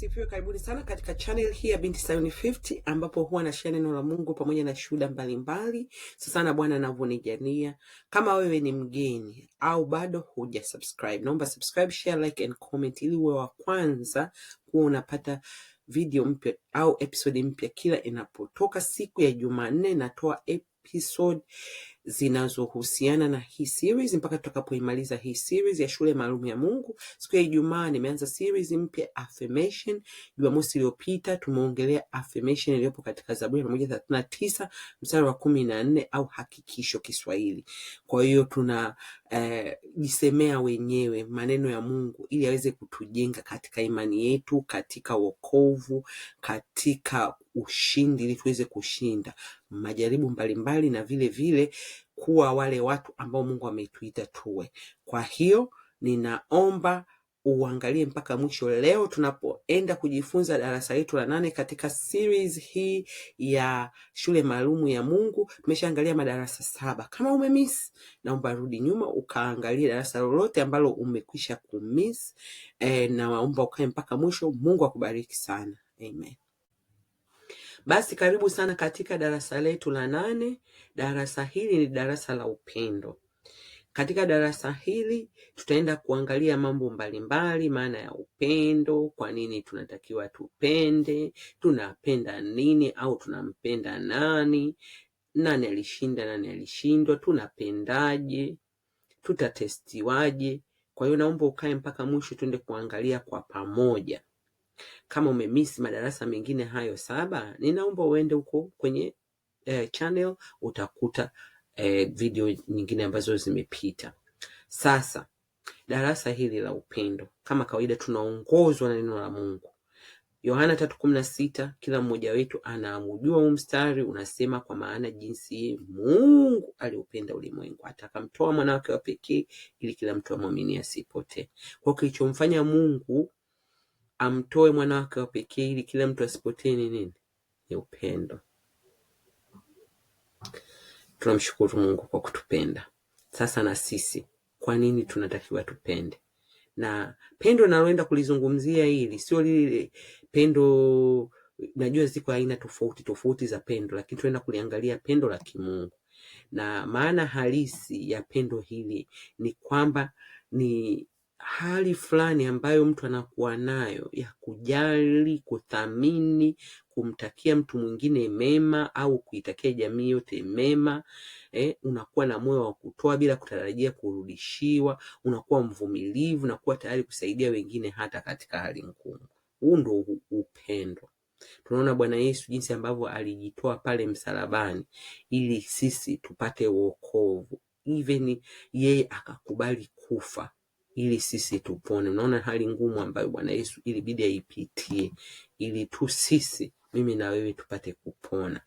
Bwana karibuni sana katika channel hii ya Binti Sayuni 50 ambapo huwa na share neno la Mungu pamoja na shuhuda mbalimbali. Sasa Bwana anavyonijania. Kama wewe ni mgeni au bado huja subscribe, naomba subscribe, share, like and comment ili uwe wa kwanza kuwa unapata video mpya au episode mpya kila inapotoka. Siku ya Jumanne natoa episode zinazohusiana na hii series mpaka tutakapoimaliza hii series ya shule maalum ya Mungu. Siku ya Ijumaa nimeanza series mpya affirmation. Jumamosi iliyopita tumeongelea affirmation iliyopo katika Zaburi ya mia moja thelathini na tisa mstari wa kumi na nne au hakikisho Kiswahili. Kwa hiyo tuna Eh, jisemea uh, wenyewe maneno ya Mungu ili aweze kutujenga katika imani yetu, katika wokovu, katika ushindi, ili tuweze kushinda majaribu mbalimbali, na vile vile kuwa wale watu ambao Mungu ametuita tuwe. Kwa hiyo ninaomba uangalie mpaka mwisho leo tunapoenda kujifunza darasa letu la nane katika series hii ya shule maalumu ya Mungu. Tumeshaangalia madarasa saba. Kama umemiss, naomba rudi nyuma ukaangalie darasa lolote ambalo umekwisha kumiss e, na naomba ukae mpaka mwisho. Mungu akubariki sana, amen. Basi karibu sana katika darasa letu la nane. Darasa hili ni darasa la upendo. Katika darasa hili tutaenda kuangalia mambo mbalimbali, maana ya upendo, kwa nini tunatakiwa tupende, tunapenda nini au tunampenda nani, nani alishinda, nani alishindwa, tunapendaje, tutatestiwaje. Kwa hiyo naomba ukae mpaka mwisho, tuende kuangalia kwa pamoja. Kama umemisi madarasa mengine hayo saba, ninaomba uende huko kwenye eh, channel utakuta eh, video nyingine ambazo zimepita. Sasa darasa hili la upendo, kama kawaida, tunaongozwa na neno la Mungu Yohana tatu kumi na sita. Kila mmoja wetu anaujua huu mstari unasema, kwa maana jinsi Mungu aliupenda ulimwengu atakamtoa mwanawake wa pekee, ili kila mtu amwamini asipotee. Kwa kilichomfanya Mungu amtoe mwanawake wa pekee ili kila mtu asipotee ni nini? Ni upendo. Tunamshukuru Mungu kwa kutupenda. Sasa na sisi kwa nini tunatakiwa tupende? Na pendo naloenda kulizungumzia hili sio lile pendo, najua ziko aina tofauti tofauti za pendo, lakini tunaenda kuliangalia pendo la kimungu, na maana halisi ya pendo hili ni kwamba ni hali fulani ambayo mtu anakuwa nayo ya kujali, kuthamini, kumtakia mtu mwingine mema au kuitakia jamii yote mema eh, unakuwa na moyo wa kutoa bila kutarajia kurudishiwa, unakuwa mvumilivu, unakuwa tayari kusaidia wengine hata katika hali ngumu. Huu ndio upendo. Tunaona Bwana Yesu jinsi ambavyo alijitoa pale msalabani ili sisi tupate wokovu. Even yeye akakubali kufa ili sisi tupone. Unaona hali ngumu ambayo Bwana Yesu ilibidi aipitie ili tu sisi, mimi na wewe, tupate kupona.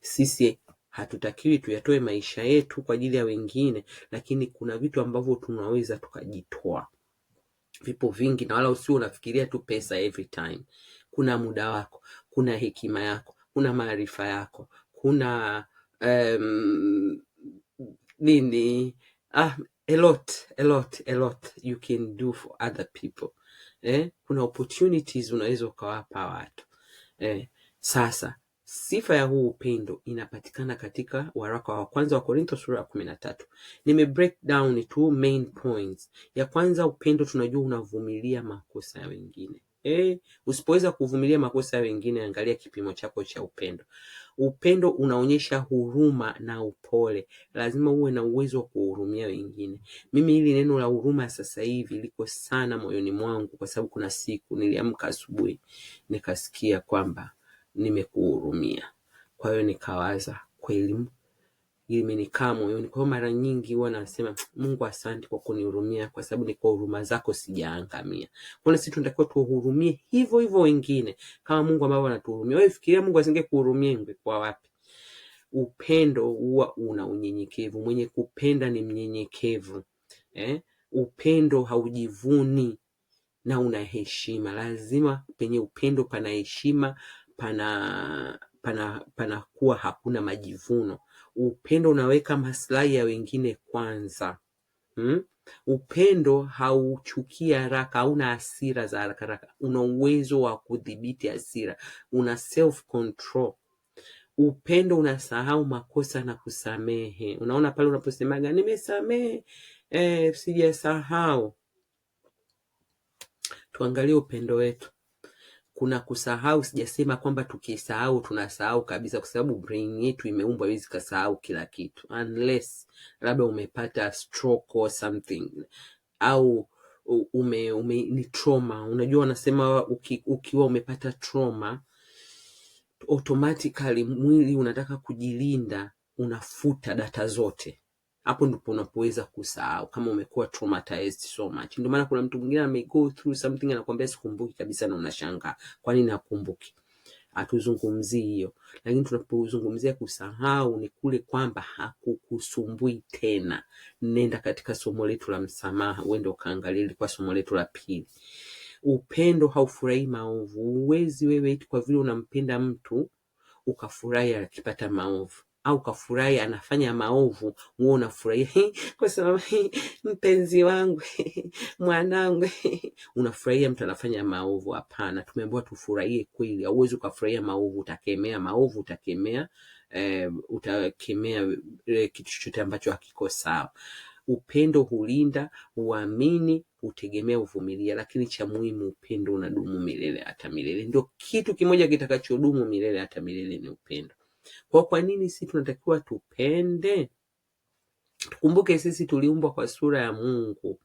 Sisi hatutakiwi tuyatoe maisha yetu kwa ajili ya wengine, lakini kuna vitu ambavyo tunaweza tukajitoa. Vipo vingi, na wala usio unafikiria tu pesa every time. Kuna muda wako, kuna hekima yako, kuna maarifa yako, kuna um, nini ah, a lot a lot a lot you can do for other people eh? Kuna opportunities unaweza ukawapa watu eh. Sasa sifa ya huu upendo inapatikana katika waraka wa kwanza wa Korintho sura ya kumi na tatu. Nime break down two main points. Ya kwanza, upendo tunajua unavumilia makosa ya wengine eh. Usipoweza kuvumilia makosa ya wengine, angalia kipimo chako cha upendo. Upendo unaonyesha huruma na upole. Lazima uwe na uwezo wa kuhurumia wengine. Mimi hili neno la huruma sasa hivi liko sana moyoni mwangu, kwa sababu kuna siku niliamka asubuhi nikasikia kwamba nimekuhurumia. Kwa hiyo nikawaza kweli imenikaa moyoni. Kwa hiyo mara nyingi huwa nasema Mungu, asante kwa kunihurumia, kwa sababu ni kwa huruma zako sijaangamia. Kwa sisi tunatakiwa tuhurumie hivyo hivyo wengine kama Mungu ambao anatuhurumia. Wewe fikiria Mungu asingekuhurumia ingekuwa wapi? Upendo huwa una unyenyekevu. Mwenye kupenda ni mnyenyekevu eh? Upendo haujivuni na una heshima. Lazima penye upendo pana heshima, pana pana panakuwa hakuna majivuno. Upendo unaweka maslahi ya wengine kwanza hmm? Upendo hauchukii haraka, hauna hasira za haraka haraka, una uwezo wa kudhibiti hasira, una self control. Upendo unasahau makosa na kusamehe. Unaona pale unaposemaga nimesamehe, eh, sijasahau. Tuangalie upendo wetu kuna kusahau sijasema kwamba tukisahau tunasahau kabisa, kwa sababu brain yetu imeumbwa hizi kasahau kila kitu, unless labda umepata stroke or something au ume, ume ni trauma. Unajua wanasema uki, ukiwa umepata trauma automatically mwili unataka kujilinda, unafuta data zote hapo ndipo unapoweza kusahau kama umekuwa traumatized so much. Ndio maana kuna mtu mwingine ame go through something anakuambia sikumbuki kabisa, na unashangaa kwa nini nakumbuki. Hatuzungumzii hiyo, lakini tunapozungumzia kusahau ni kule kwamba hakukusumbui tena. Nenda katika somo letu la msamaha, uende ukaangalia, ilikuwa somo letu la pili. Upendo haufurahi maovu. Huwezi wewe kwa vile unampenda mtu ukafurahi akipata maovu au kafurahi anafanya maovu, wewe unafurahia kwa sababu mpenzi wangu mwanangu, unafurahia mtu anafanya maovu. Hapana, tumeambiwa tufurahie kweli. Hauwezi ukafurahia maovu, utakemea maovu, utakemea eh, utakemea eh, kitu chochote ambacho hakiko sawa. Upendo hulinda, uamini, hutegemea, uvumilia, lakini cha muhimu, upendo unadumu milele hata milele. Ndio kitu kimoja kitakachodumu milele hata milele ni upendo. Kwa kwa nini sisi tunatakiwa tupende? Tukumbuke sisi tuliumbwa kwa sura ya Mungu.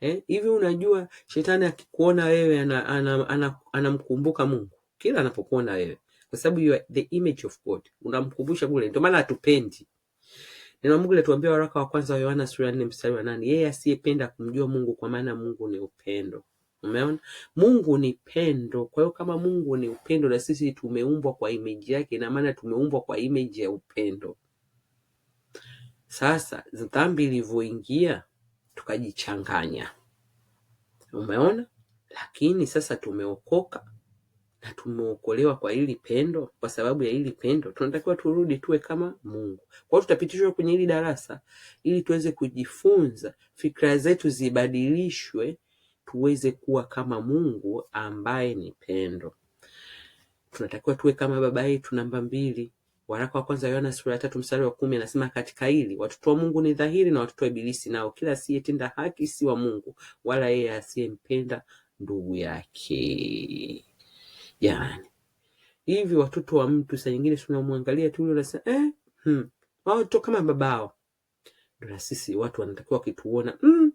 Eh, hivi unajua shetani akikuona wewe anamkumbuka ana, ana, ana Mungu kila anapokuona wewe, kwa sababu you are the image of God, unamkumbusha kule. Ndio maana hatupendi. Neno Mungu letuambia waraka wa kwanza wa Yohana sura ya 4 mstari wa 8, yeye asiyependa kumjua Mungu, kwa maana Mungu ni upendo. Umeona, Mungu ni pendo. Kwa hiyo kama Mungu ni upendo na sisi tumeumbwa kwa imeji yake, ina maana tumeumbwa kwa imeji ya upendo. Sasa dhambi ilivyoingia, tukajichanganya. Umeona, lakini sasa tumeokoka na tumeokolewa kwa hili pendo. Kwa sababu ya hili pendo, tunatakiwa turudi tuwe kama Mungu. Kwa hiyo tutapitishwa kwenye hili darasa ili tuweze kujifunza, fikra zetu zibadilishwe tuweze kuwa kama Mungu ambaye ni pendo. Tunatakiwa tuwe kama baba yetu namba mbili. Waraka wa kwanza Yohana sura ya tatu mstari wa kumi anasema, katika hili watoto wa Mungu ni dhahiri na watoto wa Ibilisi, nao kila asiyetenda haki si wa Mungu, wala yeye asiyempenda ndugu yake. Jamani, hivi watoto wa mtu saa nyingine tunamwangalia tu yule anasema eh, hmm, wao kama babao. Ndio na sisi watu wanatakiwa wakituona, mm,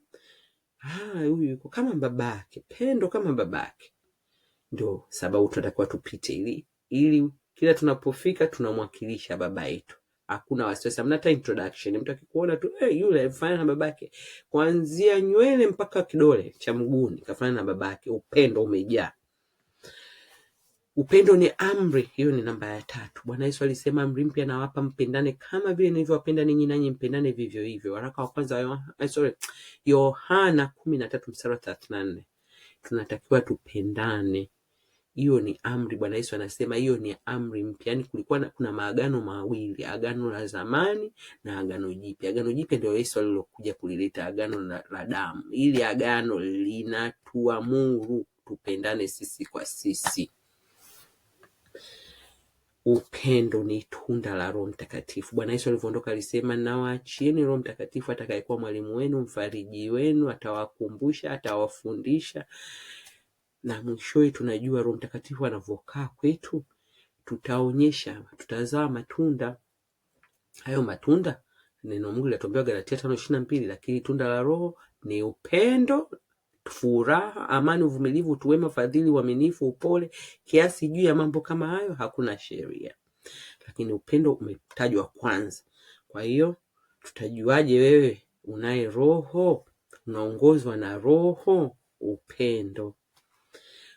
huyu yuko kama babake, Pendo kama babake. Ndio sababu tunatakiwa tupite ili ili kila tunapofika tunamwakilisha baba yetu. Hakuna wasiwasi, hamna hata introduction. Mtu akikuona tu eh, yule mfanana na babake, kuanzia nywele mpaka kidole cha mguuni kafanana na babake. Upendo umejaa. Upendo ni amri, hiyo ni namba ya tatu. Bwana Yesu alisema amri mpya nawapa, mpendane kama vile nilivyowapenda ninyi, nanyi mpendane vivyo hivyo. Waraka wa kwanza eh, Yohana kumi na tatu mstari wa thelathini na nne. Tunatakiwa tupendane, hiyo ni amri. Bwana Yesu anasema hiyo ni amri mpya. Yani kulikuwa na, kuna maagano mawili, agano la zamani na agano jipya. Agano jipya ndio Yesu alilokuja kulileta, agano la, la damu. Ili agano linatuamuru tupendane sisi kwa sisi Upendo ni tunda la Roho Mtakatifu. Bwana Yesu alivyoondoka alisema, nawaachieni Roho Mtakatifu atakayekuwa mwalimu wenu, mfariji wenu, atawakumbusha, atawafundisha. Na mwishowe tunajua Roho Mtakatifu anavyokaa kwetu, tutaonyesha, tutazaa matunda. Hayo matunda neno Mungu linatuambia Galatia tano ishirini na mbili, lakini tunda la Roho ni upendo furaha, amani, uvumilivu, utuwema, fadhili, uaminifu, upole, kiasi. Juu ya mambo kama hayo hakuna sheria, lakini upendo umetajwa kwanza. Kwa hiyo tutajuaje wewe unaye roho, unaongozwa na Roho? Upendo.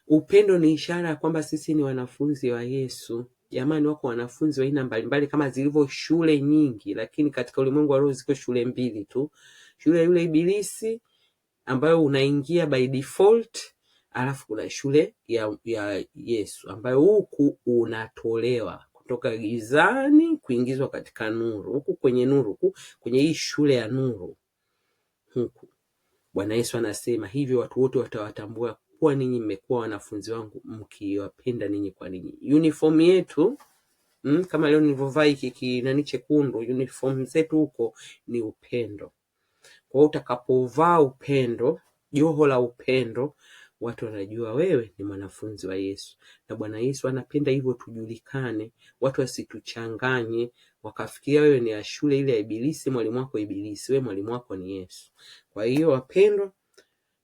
Upendo ni ishara ya kwamba sisi ni wanafunzi wa Yesu. Jamani, wako wanafunzi wa aina mbalimbali kama zilivyo shule nyingi, lakini katika ulimwengu wa roho ziko shule mbili tu, shule yule Ibilisi ambayo unaingia by default, alafu kuna shule ya, ya Yesu ambayo huku unatolewa kutoka gizani kuingizwa katika nuru, huku kwenye nuru, huku kwenye hii shule ya nuru. Huku Bwana Yesu anasema hivyo, watu wote watawatambua kuwa ninyi mmekuwa wanafunzi wangu mkiwapenda ninyi kwa ninyi. Uniform yetu mm, kama leo nilivyovaa hiki kinani chekundu, uniform zetu huko ni upendo. Kwa utakapovaa upendo, joho la upendo, watu wanajua wewe ni mwanafunzi wa Yesu. Na Bwana Yesu anapenda hivyo tujulikane, watu wasituchanganye wakafikiria wewe ni ya shule ile ya Ibilisi, mwalimu wako Ibilisi, wewe mwalimu wako ni Yesu. Kwa hiyo wapendwa,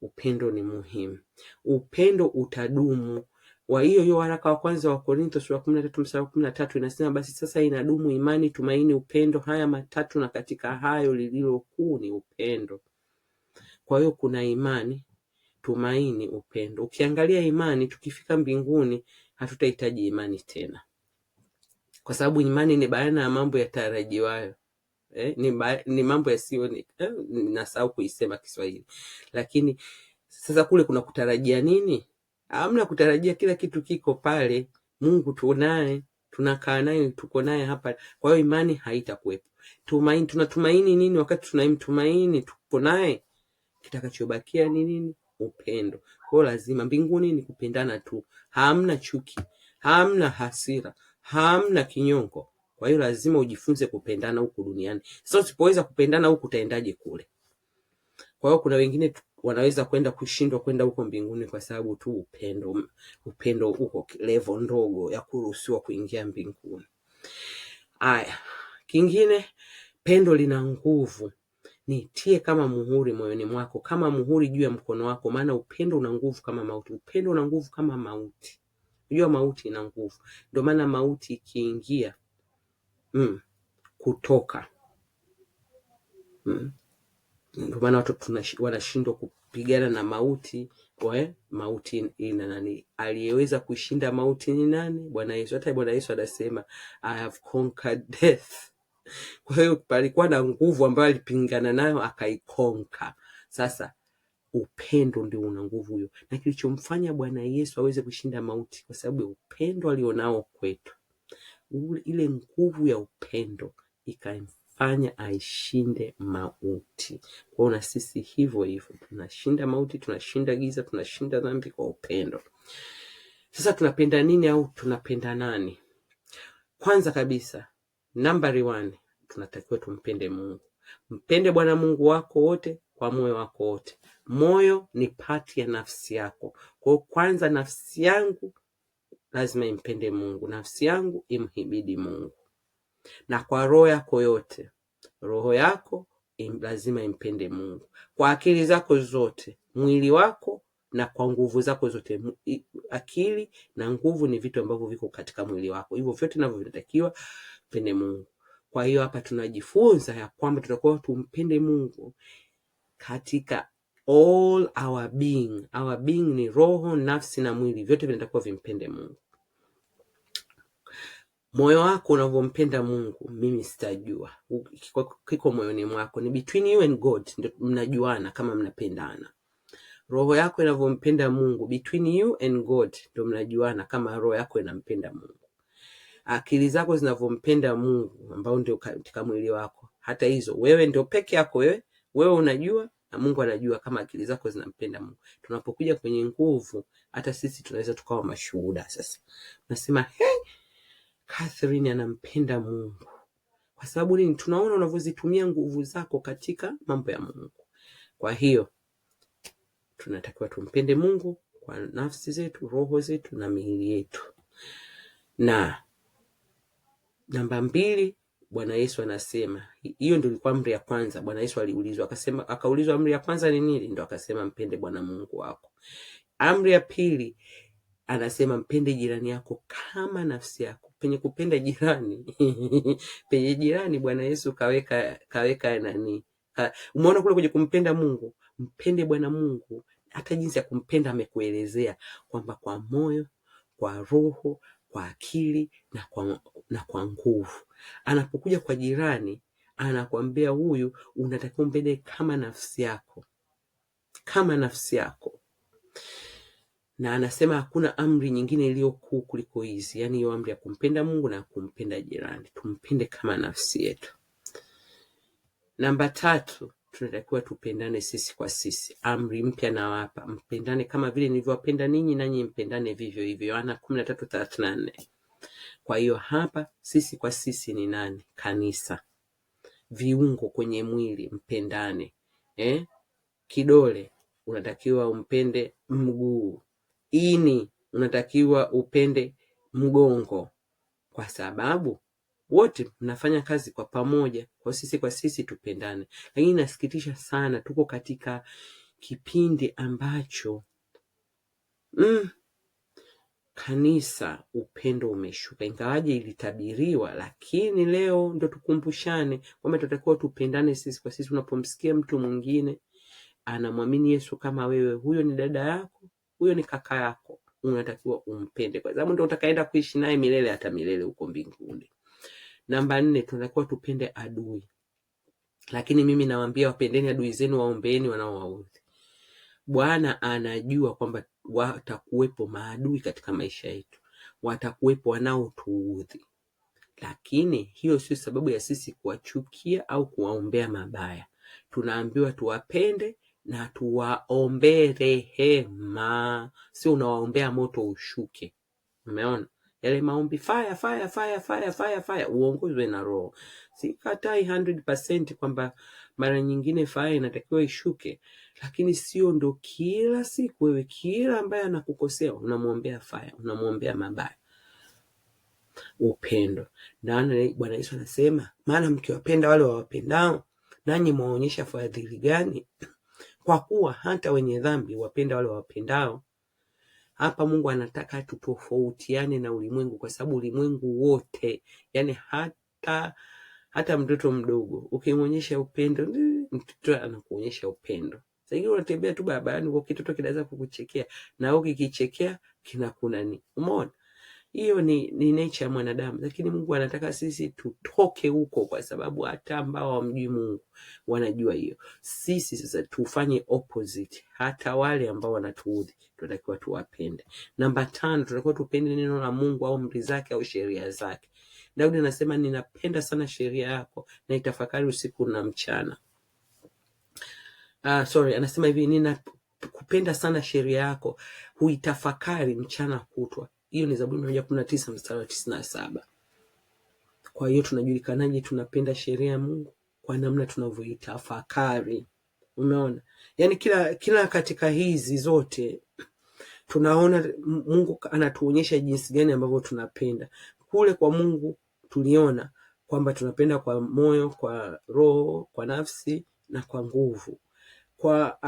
upendo ni muhimu. Upendo utadumu wa hiyo hiyo waraka wa kwanza wa Korintho sura kumi na tatu mstari wa kumi na tatu inasema basi sasa inadumu imani, tumaini, upendo, haya matatu, na katika hayo lililo kuu ni upendo. Kwa hiyo kuna imani, tumaini, upendo. Ukiangalia imani, tukifika mbinguni hatutahitaji imani tena, kwa sababu imani ni bayana ya mambo yatarajiwayo. Eh, ni, ba, ni mambo yasiyo eh, nasahau kuisema Kiswahili, lakini sasa kule kuna kutarajia nini? Hamna kutarajia kila kitu kiko pale. Mungu tunaye, tunakaa naye, tuko naye hapa. Kwa hiyo imani haitakuwepo. Tumaini, tunatumaini nini wakati tunamtumaini? Tuko naye. Kitakachobakia ni nini? Upendo. Kwa hiyo lazima mbinguni ni kupendana tu, hamna chuki, hamna hasira, hamna kinyongo. Kwa hiyo lazima ujifunze kupendana huku duniani. Sasa usipoweza kupendana huku, utaendaje kule? Kwa hiyo kuna wengine wanaweza kwenda kushindwa kwenda huko mbinguni kwa sababu tu upendo, upendo uko levo ndogo ya kuruhusiwa kuingia mbinguni. Aya, kingine, pendo lina nguvu. Nitie kama muhuri moyoni mwako, kama muhuri juu ya mkono wako, maana upendo una nguvu kama mauti. Upendo una nguvu kama mauti. Unajua mauti ina nguvu, ndio maana mauti ikiingia, mm, kutoka mm ndio maana watu wanashindwa kupigana na mauti we, eh, mauti ina nani? Aliyeweza kushinda mauti ni nani? Bwana Yesu. Hata Bwana Yesu anasema I have conquered death. Kwa hiyo palikuwa na nguvu ambayo alipingana nayo akaikonka. Sasa upendo ndio una nguvu hiyo, na kilichomfanya Bwana Yesu aweze kushinda mauti kwa sababu ya upendo alionao kwetu, ile nguvu ya upendo ikaimfanya kumfanya aishinde mauti. Kwa hiyo na sisi hivyo hivyo tunashinda mauti, tunashinda giza, tunashinda dhambi kwa upendo. Sasa tunapenda nini au tunapenda nani? Kwanza kabisa, number one, tunatakiwa tumpende Mungu. Mpende Bwana Mungu wako wote kwa moyo wako wote. Moyo ni pati ya nafsi yako. Kwa hiyo kwanza, nafsi yangu lazima impende Mungu, nafsi yangu imhimidi Mungu na kwa roho yako yote. Roho yako im, lazima impende Mungu kwa akili zako zote, mwili wako na kwa nguvu zako zote. Akili na nguvu ni vitu ambavyo viko katika mwili wako, hivyo vyote navyo vinatakiwa mpende Mungu. Kwa hiyo hapa tunajifunza ya kwamba tutakuwa tumpende Mungu katika all our being. Our being ni roho, nafsi na mwili, vyote vinatakiwa vimpende Mungu moyo wako unavyompenda Mungu, mimi sitajua, kiko, moyoni mwako, ni between you and God, ndio mnajuana kama mnapendana. Roho yako inavyompenda Mungu, between you and God, ndio mnajuana kama roho yako inampenda Mungu. Akili zako zinavyompenda Mungu, ambao ndio katika mwili wako, hata hizo wewe ndio peke yako, wewe wewe unajua na Mungu anajua kama akili zako zinampenda Mungu. Tunapokuja kwenye nguvu, hata sisi tunaweza tukawa mashuhuda. Sasa nasema hey, Catherine anampenda Mungu kwa sababu nini? Tunaona unavyozitumia nguvu zako katika mambo ya Mungu. Kwa hiyo tunatakiwa tumpende Mungu kwa nafsi zetu, roho zetu na miili yetu. Na namba mbili, Bwana Yesu anasema hiyo ndio ilikuwa amri ya kwanza. Bwana Yesu aliulizwa akasema, akaulizwa amri ya kwanza ni nini? Ndio akasema mpende Bwana Mungu wako. Amri ya pili anasema mpende jirani yako kama nafsi yako penye kupenda jirani penye jirani, Bwana Yesu kaweka kaweka nani ka, umeona kule kwenye kumpenda Mungu, mpende Bwana Mungu. Hata jinsi ya kumpenda amekuelezea kwamba kwa moyo, kwa roho, kwa akili na kwa, na kwa nguvu. Anapokuja kwa jirani anakwambia huyu unatakiwa mpende kama nafsi yako, kama nafsi yako na anasema hakuna amri nyingine iliyo kuu kuliko hizi, yaani hiyo amri ya kumpenda Mungu na kumpenda jirani. Tumpende kama nafsi yetu. Namba tatu, tunatakiwa tupendane sisi kwa sisi. Amri mpya nawapa, mpendane kama vile nilivyowapenda ninyi, nanyi mpendane vivyo hivyo, Yohana kumi na tatu thelathini na nne. Kwa hiyo hapa sisi kwa sisi ni nani? Kanisa, viungo kwenye mwili, mpendane eh? Kidole unatakiwa umpende mguu ini unatakiwa upende mgongo, kwa sababu wote mnafanya kazi kwa pamoja, kwa sisi kwa sisi tupendane. Lakini nasikitisha sana, tuko katika kipindi ambacho mm, kanisa upendo umeshuka, ingawaje ilitabiriwa, lakini leo ndo tukumbushane kwamba tunatakiwa tupendane sisi kwa sisi. Unapomsikia mtu mwingine anamwamini Yesu kama wewe, huyo ni dada yako huyo ni kaka yako, unatakiwa umpende, kwa sababu ndio utakaenda kuishi naye milele hata milele huko mbinguni. Namba nne, tunatakiwa tupende adui. Lakini mimi nawaambia wapendeni adui zenu, waombeeni wanaowaudhi. Bwana anajua kwamba watakuwepo maadui katika maisha yetu, watakuwepo wanaotuudhi, lakini hiyo sio sababu ya sisi kuwachukia au kuwaombea mabaya. Tunaambiwa tuwapende na tuwaombee rehema, sio unawaombea moto ushuke. Umeona yale maombi fire fire fire fire fire fire, uongozwe na Roho. Sikatai 100% kwamba mara nyingine fire inatakiwa ishuke, lakini sio ndo kila siku wewe, kila ambaye anakukosea unamwombea fire, unamwombea mabaya. Upendo ndio Bwana Yesu anasema, maana mkiwapenda wale wawapendao, nanyi mwaonyesha fadhili gani? kwa kuwa hata wenye dhambi wapenda wale wawapendao. Hapa Mungu anataka tutofautiane na ulimwengu, kwa sababu ulimwengu wote, yani hata hata mtoto mdogo ukimwonyesha upendo, mtoto anakuonyesha upendo. Sasa unatembea tu barabarani, kitoto kinaweza kukuchekea na wewe ukikichekea kinakunani, umeona? Hiyo ni, ni nature ya mwanadamu, lakini Mungu anataka sisi tutoke huko, kwa sababu hata ambao hawamjui Mungu wanajua hiyo. Sisi sasa tufanye opposite. Hata wale ambao wanatuudhi tunatakiwa tuwapende. Namba tano, tunatakiwa tupende neno la Mungu au amri zake au sheria zake. Daudi anasema ninapenda sana sheria yako na itafakari usiku na mchana. Uh, sorry, anasema hivi ninakupenda sana sheria yako huitafakari mchana kutwa. Hiyo ni Zaburi mia moja kumi na tisa mstari wa tisini na saba. Kwa hiyo tunajulikanaje tunapenda sheria ya Mungu? Kwa namna tunavyoitafakari. Umeona, yaani kila kila katika hizi zote tunaona Mungu anatuonyesha jinsi gani ambavyo tunapenda. Kule kwa Mungu tuliona kwamba tunapenda kwa moyo, kwa roho, kwa nafsi na kwa nguvu, kwa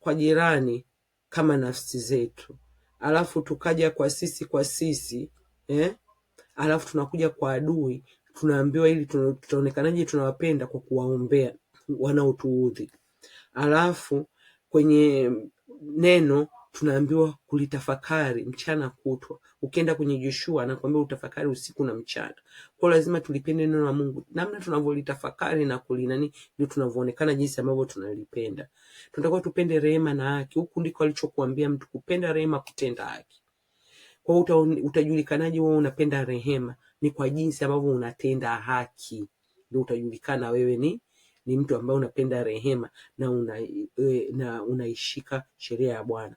kwa jirani kama nafsi zetu alafu tukaja kwa sisi kwa sisi eh? Alafu tunakuja kwa adui, tunaambiwa ili tutaonekanaje tunawapenda kwa kuwaombea wanaotuudhi. Alafu kwenye neno tunaambiwa kulitafakari mchana kutwa. Ukienda kwenye Joshua anakuambia utafakari usiku na mchana. Kwa lazima tulipende neno la Mungu, namna tunavyolitafakari na kulinani ndio tunavyoonekana jinsi ambavyo tunalipenda. Tunatakiwa tupende rehema na haki, huku ndiko alichokuambia mtu kupenda rehema, kutenda haki. Kwa uta, utajulikanaje wewe unapenda rehema? Ni kwa jinsi ambavyo unatenda haki, ndio utajulikana wewe ni ni mtu ambaye unapenda rehema na una, e, na unaishika sheria ya Bwana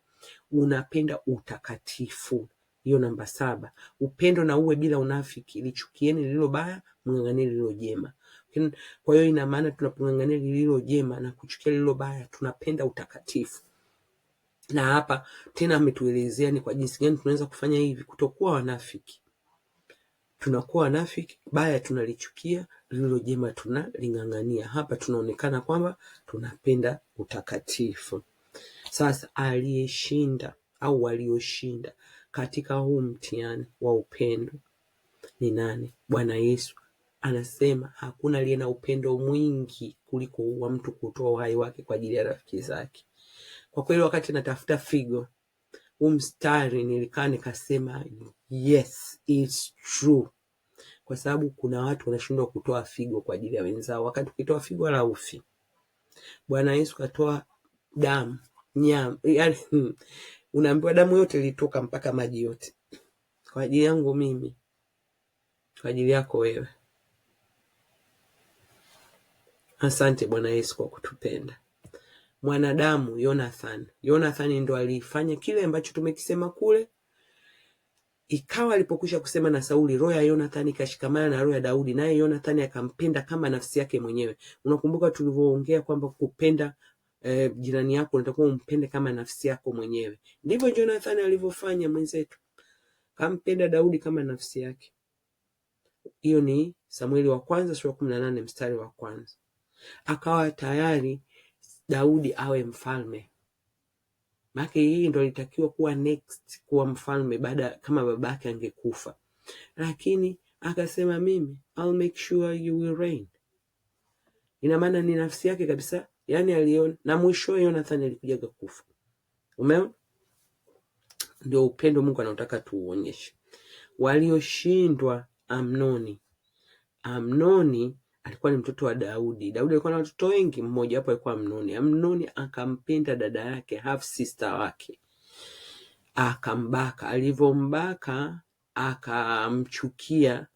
unapenda utakatifu. Hiyo namba saba, upendo na uwe bila unafiki, lichukieni lililo baya, mng'ang'anie lililo jema. Kwa hiyo ina maana tunapong'ang'ania lililo jema na kuchukia lililo baya, tunapenda utakatifu na hapa tena ametuelezea ni kwa jinsi gani tunaweza kufanya hivi, kutokuwa wanafiki. Tunakuwa wanafiki, baya tunalichukia, lililo jema tunaling'ang'ania. Hapa tunaonekana kwamba tunapenda utakatifu. Sasa aliyeshinda au walioshinda katika huu mtihani wa upendo ni nani? Bwana Yesu anasema hakuna aliye na upendo mwingi kuliko wa mtu kutoa uhai wake kwa ajili ya rafiki zake. Kwa kweli, wakati natafuta figo huu mstari nilikaa nikasema, yes it's true, kwa sababu kuna watu wanashindwa kutoa figo kwa ajili ya wenzao. Wakati ukitoa figo la ufi, Bwana Yesu katoa damu nyama yani, hmm. unaambiwa damu yote ilitoka mpaka maji yote kwa ajili yangu mimi, kwa ajili yako wewe. Asante Bwana Yesu kwa kutupenda mwanadamu. Yonathan, Yonathan ndo alifanya kile ambacho tumekisema kule Ikawa alipokwisha kusema na Sauli, roho ya yonathan ikashikamana na roho ya Daudi, naye Yonathani akampenda kama nafsi yake mwenyewe. Unakumbuka tulivyoongea kwamba kupenda eh, jirani yako unatakiwa umpende kama nafsi yako mwenyewe. Ndivyo Jonathan alivyofanya mwenzetu, kampenda Daudi kama nafsi yake. Hiyo ni Samueli wa kwanza sura kumi na nane mstari wa kwanza. Akawa tayari Daudi awe mfalme, maana hii ndio alitakiwa kuwa next kuwa mfalme baada kama babake angekufa, lakini akasema mimi I'll make sure you will reign. Ina maana ni nafsi yake kabisa yani aliona, na mwisho Yonathan alikujaga kufa. Umeona, ndio upendo Mungu anaotaka tuuonyeshe. Walioshindwa Amnoni. Amnoni alikuwa ni mtoto wa Daudi. Daudi alikuwa na watoto wengi, mmoja wapo alikuwa Amnoni. Amnoni akampenda dada yake, half sister wake, akambaka. Alivyombaka akamchukia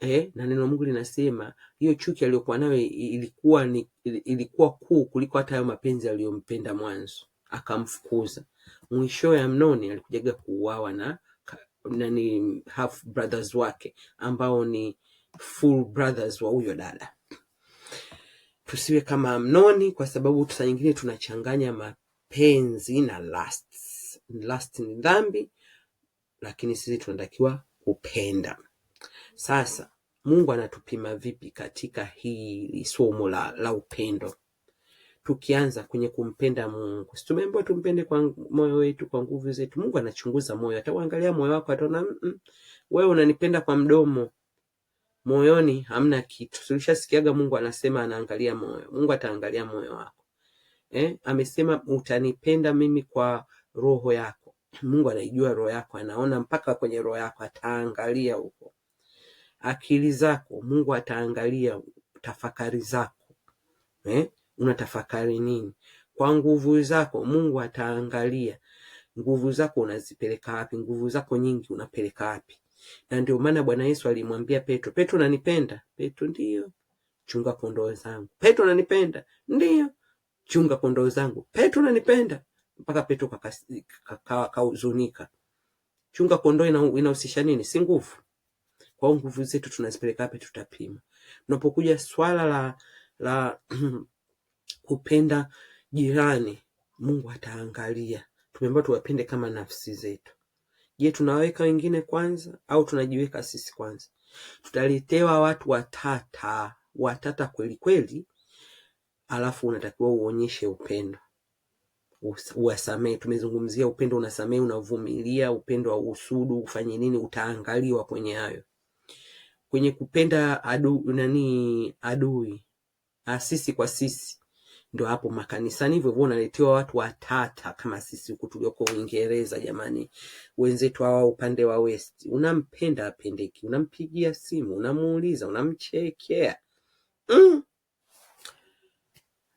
eh, na neno la Mungu linasema hiyo chuki aliyokuwa nayo ilikuwa ni, ilikuwa kuu kuliko hata hayo mapenzi aliyompenda mwanzo, akamfukuza. Mwisho ya Amnoni alikujaga kuuawa na nani half brothers wake ambao ni full brothers wa huyo dada. Tusiwe kama Amnoni, kwa sababu saa nyingine tunachanganya mapenzi na lust. Lust ni dhambi, lakini sisi tunatakiwa kupenda. Sasa Mungu anatupima vipi katika hili somo la, la upendo? Tukianza kwenye kumpenda Mungu, si tumeambiwa tumpende kwa moyo wetu, kwa nguvu zetu? Mungu anachunguza moyo, atauangalia moyo wako, ataona mm, wewe unanipenda kwa mdomo, moyoni hamna kitu. Tulishasikiaga Mungu anasema anaangalia moyo. Mungu ataangalia moyo wako eh? Amesema utanipenda mimi kwa roho yako. Mungu anaijua roho yako, anaona mpaka kwenye roho yako, ataangalia huko akili zako, Mungu ataangalia tafakari zako eh? Unatafakari nini? Kwa nguvu zako, Mungu ataangalia nguvu zako unazipeleka wapi, nguvu zako nyingi unapeleka wapi. Na ndio maana Bwana Yesu alimwambia Petro, Petro unanipenda? Petro ndiyo. Chunga kondoo zangu. Petro unanipenda? Ndiyo. Chunga kondoo zangu. Petro unanipenda? Mpaka Petro kahuzunika. Chunga kondoo inahusisha nini? Si nguvu? kwa nguvu zetu tunazipeleka wapi? Tutapima. unapokuja swala la la kupenda jirani, Mungu ataangalia tumeambiwa tuwapende kama nafsi zetu. Je, tunaweka wengine kwanza au tunajiweka sisi kwanza? Tutaletewa watu watata watata kweli kweli, alafu unatakiwa uonyeshe upendo, uwasamehe. Tumezungumzia upendo, unasamehe, unavumilia, upendo wa usudu, ufanye nini, utaangaliwa kwenye hayo kwenye kupenda adu, nani adui A, ah, sisi kwa sisi ndio hapo makanisani hivyo hivyo, unaletewa watu watata kama sisi huku tulioko Uingereza. Jamani, wenzetu hawa upande wa west, unampenda apendeki, unampigia simu, unamuuliza, unamchekea mm.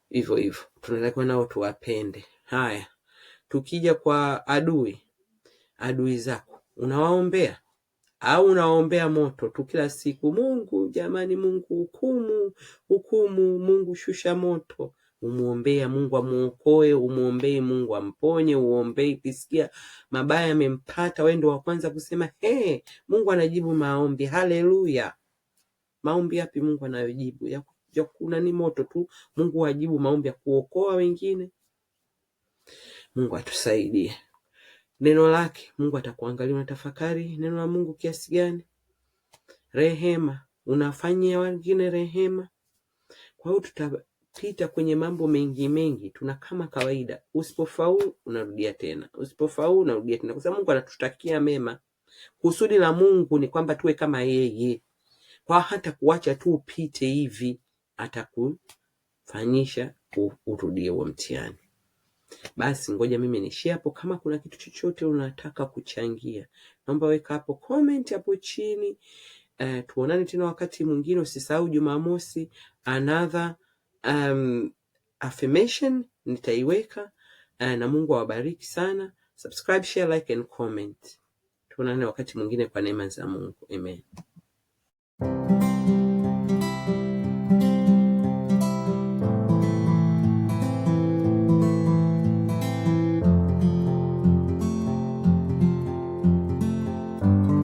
hivyo mm, hivyo tunatakiwa nao tuwapende. Haya, tukija kwa adui, adui zako unawaombea au unaombea moto tu kila siku, Mungu jamani, Mungu hukumu, hukumu, Mungu shusha moto Umuombea Mungu amuokoe, umuombee Mungu amponye, uombee ukisikia mabaya amempata wewe ndio wa kwanza kusema hey, Mungu anajibu maombi. Haleluya! maombi yapi Mungu anayojibu? Ya, ya kuna ni moto tu. Mungu ajibu maombi ya kuokoa wengine. Mungu atusaidie neno lake Mungu atakuangalia tafakari neno la Mungu kiasi gani? Rehema, unafanyia wengine rehema? Kwa hiyo tutapita kwenye mambo mengi mengi, tuna kama kawaida, usipofaulu unarudia tena, usipofaulu unarudia tena, kwa sababu Mungu anatutakia mema. Kusudi la Mungu ni kwamba tuwe kama yeye, kwa hata kuacha tu upite hivi, atakufanyisha urudie huo mtihani. Basi ngoja mimi ni share hapo. Kama kuna kitu chochote unataka kuchangia, naomba weka hapo comment hapo chini. Uh, tuonane tena wakati mwingine. Usisahau Jumamosi another um, affirmation nitaiweka. Uh, na Mungu awabariki sana. Subscribe, share, like and comment. Tuonane wakati mwingine kwa neema za Mungu. Amen.